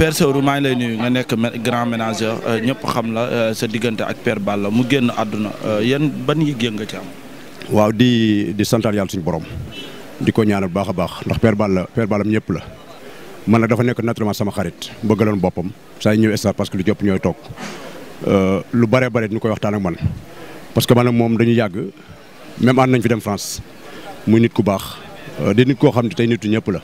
Père Sewru maa ngi lay nuyu nga nekk grand ménageur euh, ñëpp xam la euh, sa diggante ak Père la mu génn àdduna euh, yéen ban yëg-yëg nga ci am. waaw di di santal yàlla suñu borom di ko ñaanal baax a baax ndax per Balla Père Balla ñëpp la man nag dafa nekk ma sama xarit bëggaloon boppam saa yu ñëw star parce que lu jopp ñooy toog lu bare bare ñu koy waxtaan ak man parce que man ak moom dañu yàgg même ànd nañ fi dem France muy nit ku baax di nit koo xam ne tey nitu ñëpp la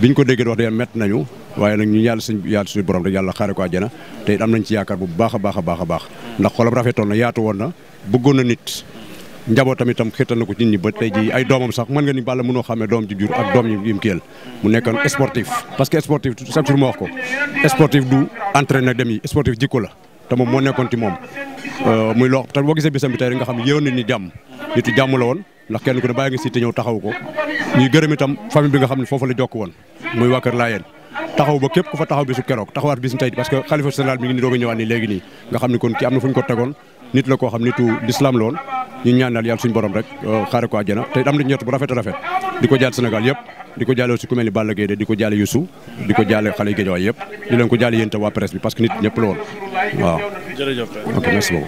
biñ ko déggee wax dëgg yàlla waaye nag ñu ñaan suñ yàlla suñu borom rek yàlla xaare ko àjjana te it am nañ ci yaakaar bu baax a baax a baax a ndax xolam rafetoon na yaatu woon na bëggoon na nit njaboot tamit tam xirtal na ko ci ñi ba tey ji ay doomam sax mën nga ni bàlla mënoo xamee doom ji jur ak doom yi mu kiyal mu nekkoon sportif parce que sportif chaque jour ma wax ko sportif du entraîné dem yi sportif jikko la te moom moo nekkoon ci moom euh, muy loo te boo gisee bisam bi tey nga xam ne yéewoon na ni jàmm nitu jàmm la woon ndax kenn ko ne bàyyi nga si te ñëw taxaw ko ñuy gërëm itam famille bi nga xam ne foofu la jokk woon muy waa Kër Laayeen taxaw ba képp ku fa taxaw bisu keroog taxawaat bisu tey parce que xalifa général mi ngi ni doog a ñëwaat nii léegi nii nga xam ne kon kii am na fu ñu ko tegoon nit la koo xam nitu ñu euh, ñett bu rafet a rafet di ko jaal Sénégal yëpp di ko jaale aussi ku mel ni Balla Gaye de di ko jaale Youssou di ko jaale xale yi Guédiawaye yëpp di leen ko jaale yéen tam waa presse bi parce que nit ñëpp la woon waaw.